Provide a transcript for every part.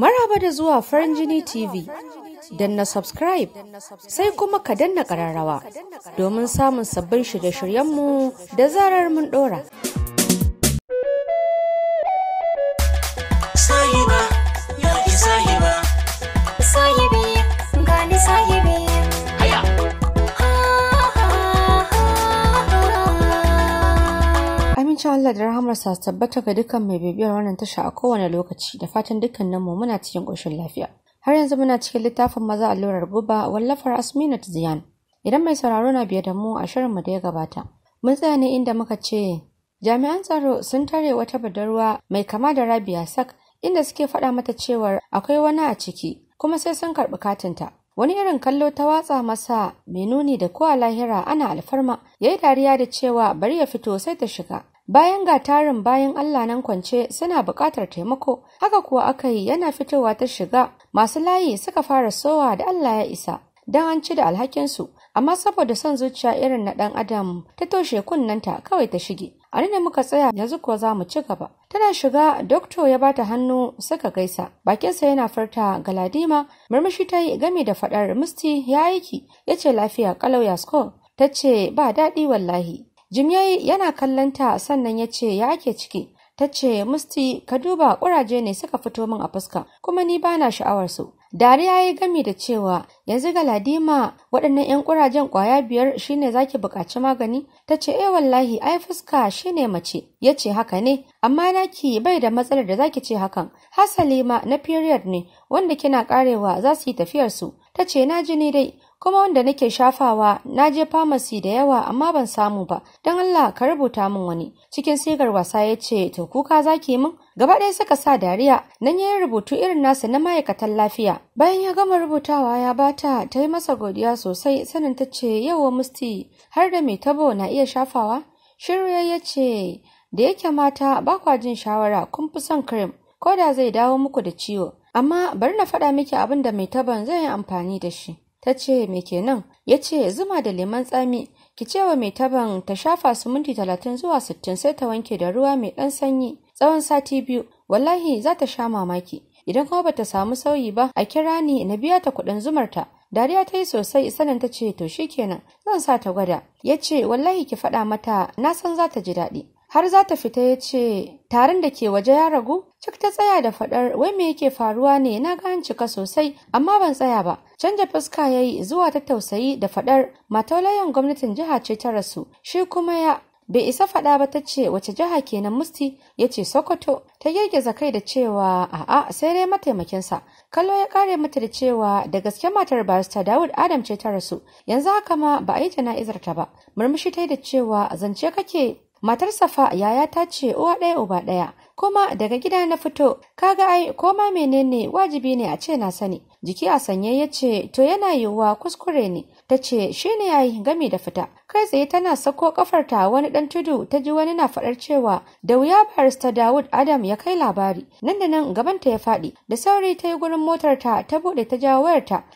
Maraba da zuwa farin jini TV. na subscribe sai kuma ka danna ƙararrawa domin samun sabbin shirye-shiryenmu da zarar mun ɗora. Allah da rahamarsa tabbata ga dukkan mai bibiyar wannan tasha a kowane lokaci da fatan dukkanin mu muna cikin ƙoshin lafiya. Har yanzu muna cikin littafin maza allurar guba wallafar Asminat Ziyan. Idan mai sauraro na biye da mu a shirin mu da ya gabata. Mun tsaya ne inda muka ce jami'an tsaro sun tare wata badarwa mai kama da Rabia Sak inda suke faɗa mata cewar akwai wani a ciki kuma sai sun karɓi katinta. Wani irin kallo ta watsa masa mai nuni da ko a lahira ana alfarma ya yi dariya da cewa bari ya fito sai ta shiga bayan ga tarin bayan Allah nan kwance suna buƙatar taimako haka kuwa aka yi yana fitowa ta shiga masu layi suka fara sowa da Allah ya isa don an ci da alhakinsu amma saboda son zuciya irin na ɗan adam ta toshe kunnanta kawai ta shige a ne muka tsaya yanzu kuwa za mu ci gaba tana shiga dokto ya bata hannu suka gaisa bakinsa yana farta galadima murmushi ta yi game da faɗar musti ya aiki ya ce lafiya kalau ya ta ce ba daɗi wallahi Jim ya yana kallon ta sannan ya ce ya ake ciki. Ta ce musti ka duba ƙuraje ne suka fito min a fuska kuma ni bana sha'awar su. Dariya ya yi gami da cewa yanzu ga Ladima waɗannan 'yan kurajen ƙwaya biyar shine zaki buƙaci magani? Ta ce eh wallahi ai fuska shine mace. Ya ce haka ne amma na naki bai da matsalar da zaki ce hakan. Hasali ma na period ne wanda kina karewa za su yi tafiyarsu. su. Ta ce na ji ni dai kuma wanda nake shafawa na je famasi da yawa amma ban samu ba don Allah ka rubuta min wani cikin sigar wasa ya ce to kuka zaki min gaba ɗaya suka sa dariya nan ya rubutu irin nasa na ma'aikatan lafiya bayan ya gama rubutawa ya bata ta yi masa godiya sosai sanin ta ce yawa musti har da mai tabo na iya shafawa shiru ya ce da yake mata ba kwa jin shawara kun fi son cream ko da zai dawo muku da ciwo amma bari na faɗa miki abin da mai tabon zai yi amfani da shi ta ce me kenan ya ce zuma da lemon tsami ki ce wa mai taban ta shafa su minti talatin zuwa sittin sai ta wanke da ruwa mai ɗan sanyi tsawon sati biyu wallahi za ta sha mamaki idan kuma bata samu sauyi ba a kira ni na biya ta kuɗin zumarta dariya ta yi sosai sanin ta ce to kenan, zan sa ta gwada ya ce wallahi ki faɗa mata na san za ta ji daɗi har za ta fita ya ce tarin da ke waje ya ragu cik ta tsaya da faɗar wai me yake faruwa ne na gan cika sosai amma ban tsaya ba canja fuska ya yi zuwa ta tausayi da faɗar mataulayan gwamnatin jiha ce ta rasu shi kuma ya bai isa faɗa ba ta ce wace jiha kenan musti ya ce sokoto ta girgiza kai da cewa a'a sai dai mataimakinsa kallo ya kare mata da cewa da gaske matar barista dawud adam ce ta rasu yanzu haka ma ba a yi jana'izar ta ba murmushi ta yi da cewa zance kake Matar Safa yaya ta ce uwa ɗaya uba ɗaya kuma daga gida na fito kaga ai koma menene wajibi ne a ce na sani jiki a sanye ya ce to yana yiwuwa kuskure ne ta ce shi ne yayi gami da fita kai tsaye tana sako kafarta wani dan tudu ta ji wani na faɗar cewa da wuya barista Dawud Adam ya kai labari nan da nan gaban ta ya faɗi da sauri ta yi gurin motar ta ta buɗe ta jawo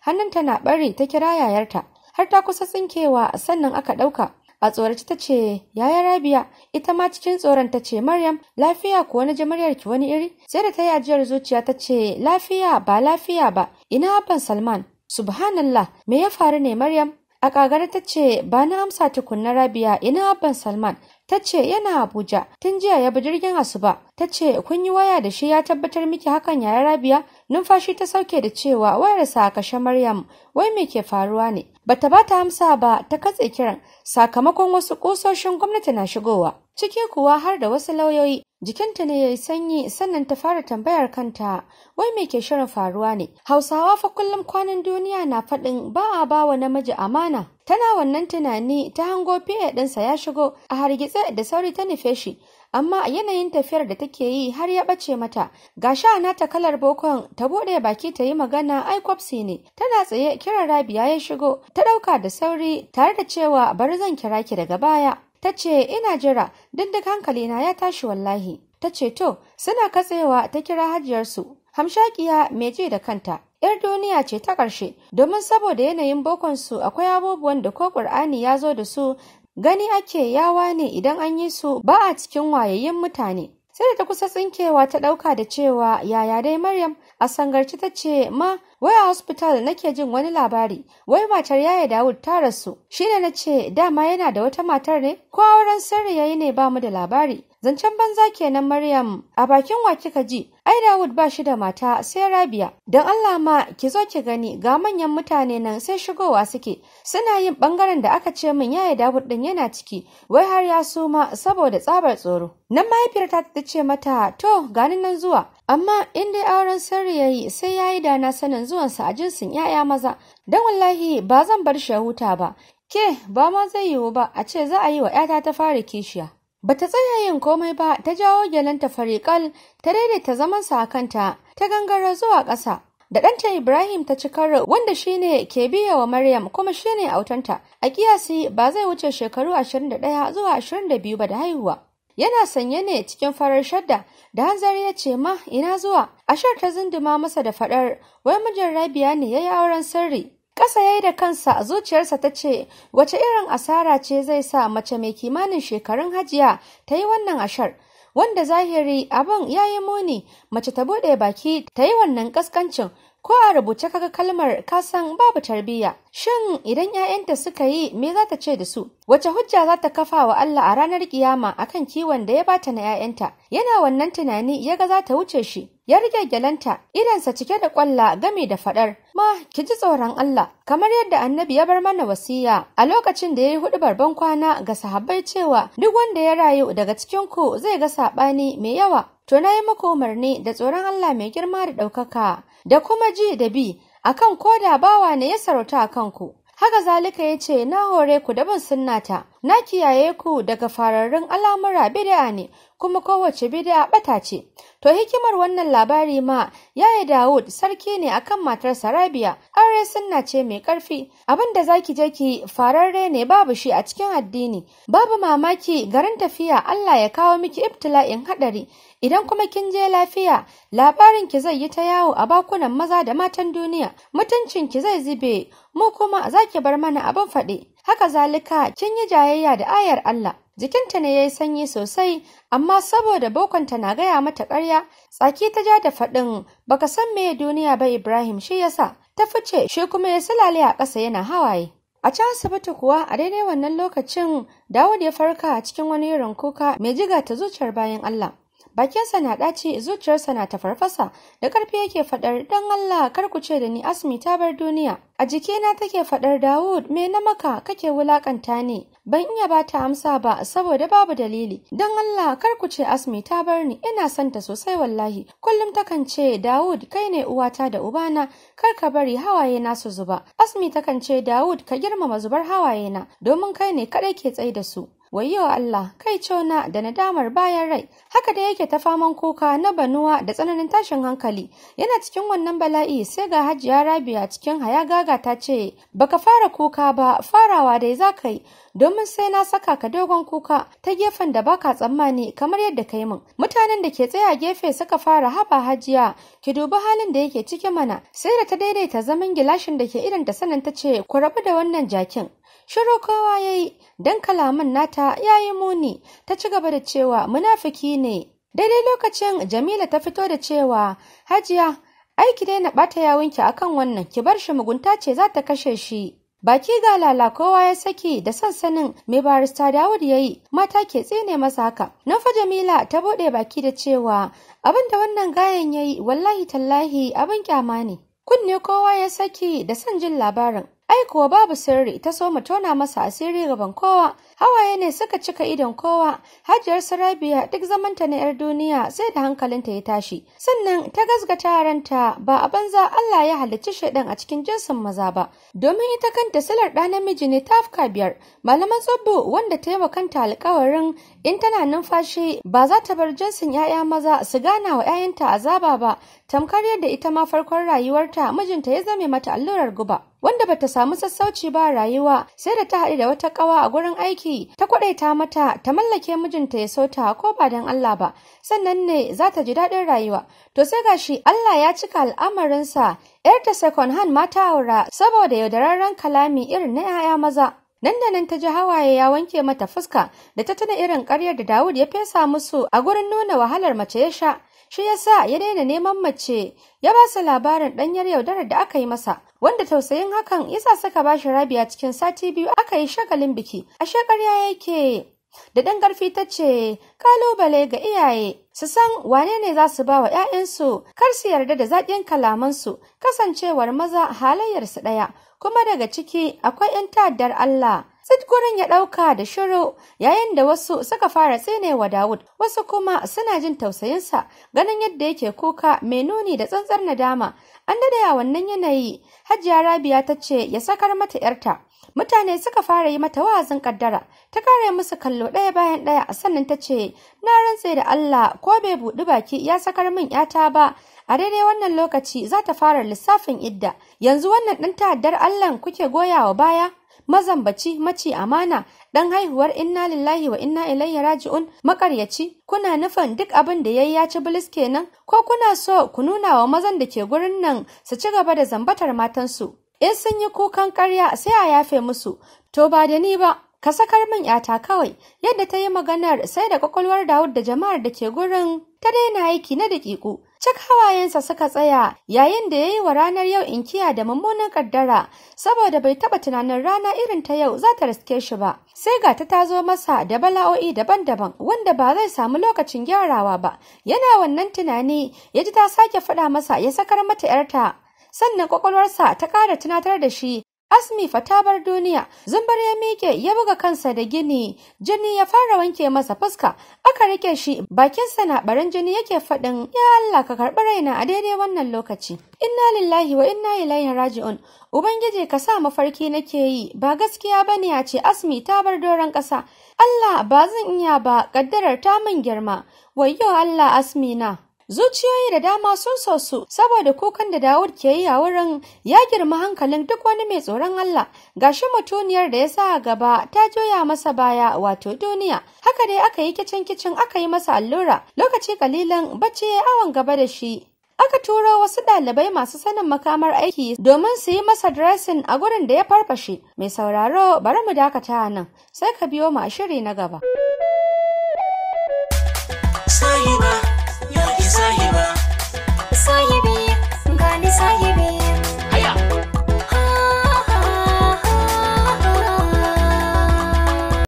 hannun ta na bari ta kira yayarta har ta kusa tsinkewa sannan aka ɗauka a tsorace ta ce yaya Rabia ita ma cikin tsoron ta ce Maryam lafiya kuwa na ji ki wani iri sai da ta yi ajiyar zuciya ta ce lafiya ba lafiya ba ina abban Salman subhanallah me ya faru ne Maryam a kagara ta ce ba na amsa tukunna Rabia ina abban Salman ta ce yana Abuja tun jiya ya bi jirgin asuba ta ce kun yi waya da shi ya tabbatar miki hakan yaya Rabia numfashi ta sauke da cewa wayarsa a kashe Maryam wai me ke faruwa ne bata ba ta amsa ba ta katse kiran sakamakon wasu kososhin gwamnati na shigowa ciki kuwa har da wasu lauyoyi jikinta ne yayi sanyi sannan ta fara tambayar kanta wai me ke shirin faruwa ne hausawa fa kullum kwanan duniya na faɗin ba a ba wa namiji amana tana wannan tunani ta hango fiye ɗinsa ya shigo a hargitse da sauri ta nufe shi amma a yanayin tafiyar da take yi har ya ɓace mata ga sha na ta kalar bokon ta buɗe baki ta yi magana ai kwafsi ne tana tsaye kiran rabiya ya shigo ta ɗauka da sauri tare da cewa bari zan kira ki daga baya ta ce ina jira duk hankalina ya tashi wallahi ta ce to suna katsewa ta kira hajiyarsu hamshakiya mai ji da kanta ‘yar duniya ce ta ƙarshe domin saboda yanayin bokon su akwai abubuwan da ko ƙur'ani ya zo da su Gani ake yawa ne idan an yi su ba a cikin wayayyen mutane. Sai da ta kusa tsinkewa ta ɗauka da cewa yaya dai Maryam a sangarci ta ce ma wai a hospital nake jin wani labari wai matar yaya Dawud ta rasu shine na ce dama yana da wata matar ne ko auren sirri yayi ne ba mu da labari zancen banza kenan Maryam a bakin wa kika ji ai Dawud ba shi da mata sai Rabia dan Allah ma ki zo ki gani ga manyan mutane nan sai shigowa suke suna yin bangaren da aka ce min yaya Dawud din yana ciki wai har ya suma saboda tsabar tsoro nan mahaifiyarta ta ce mata to gani nan zuwa amma in dai auren sirri yayi sai yayi da na sanin zuwansa a jinsin yaya maza dan wallahi ba zan bar shi ya huta ba ke ba ma zai yiwu ba a ce za a yi wa 'yata ta fara kishiya Bata tsaya yin komai ba, ta jawo gyalanta fariƙal, ta daidaita zamansa a kanta, ta gangara zuwa ƙasa. Da ɗanta Ibrahim ta ci karo wanda shine ke biya wa Maryam kuma shine autanta. A kiyasi ba zai wuce shekaru 21 zuwa 22 ba da haihuwa. Yana sanye ne cikin farar shadda da hanzari ya ce ma ina zuwa. Ashar ta zunduma masa da faɗar wai mijin Rabia ne ya yi auren sirri. Ƙasa ya yi da kansa a zuciyarsa ta ce, wace irin asara ce zai sa mace mai kimanin shekarun hajiya ta yi wannan ashar. Wanda zahiri abin ya yi muni mace ta buɗe baki ta yi wannan ƙasƙancin ko a rubuce kaga kalmar kasan babu tarbiyya shin idan 'ya'yanta suka yi me za ta ce da su wace hujja za ta kafa wa Allah a ranar kiyama akan kiwon da ya bata na 'ya'yanta yana wannan tunani ya ga za ta wuce shi ya rike gyalanta idansa cike da kwalla gami da faɗar. ma ki ji tsoron Allah kamar yadda annabi ya bar mana wasiya a lokacin da ya yi hudu barban kwana ga sahabbai cewa duk wanda ya rayu daga cikin ku zai ga sabani mai yawa to na yi muku umarni da tsoron Allah mai girma da ɗaukaka da kuma ji da bi akan ko da bawa ne ya sarauta a kanku haka zalika ya ce na hore ku da bin sunnata na kiyaye ku daga fararrun al'amura bid'a ne kuma kowace bid'a bata ce to hikimar wannan labari ma yaya Dawud sarki ne akan matar Sarabiya aure sunna ce mai karfi abinda zaki je ki fararre ne babu shi a cikin addini babu mamaki garin tafiya Allah ya kawo miki ibtila'in hadari idan kuma kin je lafiya labarin ki zai yi ta yawo a bakunan maza da matan duniya mutuncin ki zai zube mu kuma zaki bar mana abin faɗi haka zalika kin yi jayayya da ayar Allah jikinta ne yayi sanyi sosai amma saboda bokonta na gaya mata karya, tsaki ta ja da faɗin baka san me duniya ba Ibrahim shi yasa ta fice shi kuma ya silale a ƙasa yana hawaye a can asibiti kuwa a daidai wannan lokacin Dawud ya farka a cikin wani irin kuka mai jiga ta zuciyar bayan Allah bakinsa na ɗaci zuciyarsa na tafarfasa da ƙarfi yake faɗar dan Allah kar ku ce da ni asmi ta bar duniya a jikina take faɗar Dawud me na maka kake wulakanta ne ban iya ba ta amsa ba saboda babu dalili Dan Allah kar ku ce asmi ta bar ni ina son ta sosai wallahi kullum takan ce Dawud kai ne uwata da ubana kar ka bari hawaye na su zuba asmi takan ce Dawud ka girmama zubar hawaye na domin kai ne kaɗai ke tsaye da su wayyo Allah kai cewa da nadamar bayan rai haka da yake ta faman kuka na banuwa da tsananin tashin hankali yana cikin wannan bala'i sai ga hajiya Rabia cikin haya gaga ta ce baka fara kuka ba farawa dai za ka yi domin sai na saka ka dogon kuka ta gefen da baka tsammani kamar yadda kai min mutanen da ke tsaya gefe suka fara haba hajiya ki dubi halin da yake ciki mana sai da ta daidaita zaman gilashin da ke irin da sanin ta ce ku rabu da wannan jakin shiru kowa ya yi don kalaman nata ya yi muni ta ci gaba da cewa munafiki ne daidai lokacin jamila ta fito da cewa hajiya aiki dai na ɓata ki akan wannan ki bar shi mugunta ce za ta kashe shi Baki ga lala kowa ya saki da sansanin mai barista Dawud ya yi mata ke tsine masa haka. Nan fa Jamila ta buɗe baki da cewa abin da wannan gayan ya yi wallahi tallahi abin kyama ne. Kunne kowa ya saki da son jin labarin. kuwa babu sirri ta so mu tona masa asiri gaban kowa hawaye ne suka cika idon kowa hajiyar sarabiya duk zamanta na yar duniya sai da hankalinta ya tashi sannan ta gasgata ranta ba a banza Allah ya halicci shaidan a cikin jinsin maza ba domin ita kanta silar ɗa namiji ne ta afka biyar malaman tsubbu wanda ta yi wa kanta alkawarin in tana numfashi ba za ta bar jinsin 'ya'ya maza su gana wa 'ya'yanta azaba ba tamkar yadda ita ma farkon rayuwarta mijinta ya zame mata allurar guba wanda bata samu sassauci ba rayuwa sai da ta haɗu da wata ƙawa a gurin aiki ta kwaɗaita mata ta mallake mijinta ya sauta ko ba dan Allah ba sannan ne za ta ji daɗin rayuwa to sai gashi Allah ya cika al'amarinsa 'yarta second hand mata aura saboda yaudararren kalami irin na 'ya'ya maza Nan da nan ta ji hawaye ya wanke mata fuska da ta tuna irin karyar da Dawud ya fesa musu a gurin nuna wahalar mace ya sha. Shi ya sa ya daina neman mace ya ba su labarin ɗanyar yaudarar da aka yi masa wanda tausayin hakan yasa suka ba shi rabiya cikin sati biyu aka yi shagalin biki. a shekar ya yake da ɗan ƙarfi ta ce kalubale ga iyaye su san wane ne za su ba wa 'ya'yansu kar su yarda da zaƙin kalamansu kasancewar maza halayyarsu ɗaya kuma daga ciki akwai 'yan ta'addar Allah gurin ya ɗauka da shiru yayin da wasu suka fara tsinewa Dawud, wasu kuma suna jin tausayinsa ganin yadda yake kuka mai nuni da tsantsar nadama. An dadaya wannan yanayi, Hajiya Rabia ta ce ya sakar mata ‘yarta. Mutane suka fara yi mata wa'azin kaddara, ta kare musu kallo ɗaya bayan ɗaya a sannan ta ce, Na rantse da Allah ko bai buɗi baki ya sakar min ‘yata ba, a daidai wannan lokaci za ta fara lissafin idda, yanzu wannan ɗan ta'addar Allah kuke goya wa baya? mazambaci maci amana dan haihuwar inna lillahi wa inna ilaihi raji'un makaryaci kuna nufin duk abin da yayi ya ci bilis kenan ko kuna so ku nuna wa mazan da ke gurin nan su ci gaba da zambatar matansu in sun yi kukan karya sai a yafe musu to ba da ni ba ka sakar min yata kawai yadda ta yi maganar sai da kwakwalwar Dawud da jama'ar da ke gurin ta daina aiki na daƙiƙu ta hawayensa suka tsaya yayin da ya yi wa ranar yau inkiya da mummunan kaddara saboda bai taba tunanin rana irin ta yau za ta riske shi ba sai ga ta zo masa da bala'o'i daban-daban wanda ba zai samu lokacin gyarawa ba yana wannan tunani ya ji ta sake faɗa masa ya sakar mata 'yarta sannan kwakwalwarsa ta ƙara tunatar da shi Asmi fatabar duniya, zumbar ya miƙe ya buga kansa da gini, jini ya fara wanke masa fuska, aka rike shi bakinsa na barin jini yake faɗin, ya Allah ka karɓi raina a daidai wannan lokaci. Inna lillahi wa inna ilaihi raji'un. Ubangiji ka sa mafarki nake yi, ba gaskiya bane a ce Asmi ta bar doron ƙasa. Allah ba zan iya ba, kaddarar ta min girma. Wayyo Allah Asmi na. zuciyoyi da dama sun sosu saboda kukan da Dawud ke yi a wurin ya girma hankalin duk wani mai tsoron Allah gashi mutuniyar da ya sa a gaba ta juya masa baya wato duniya haka dai aka yi kicin kicin aka yi masa allura lokaci kalilan bacci ya awon gaba da shi aka turo wasu dalibai masu sanin makamar aiki domin su yi masa dressing a gurin da ya farfashe mai sauraro bari mu dakata a nan sai ka biyo mu a shiri na gaba.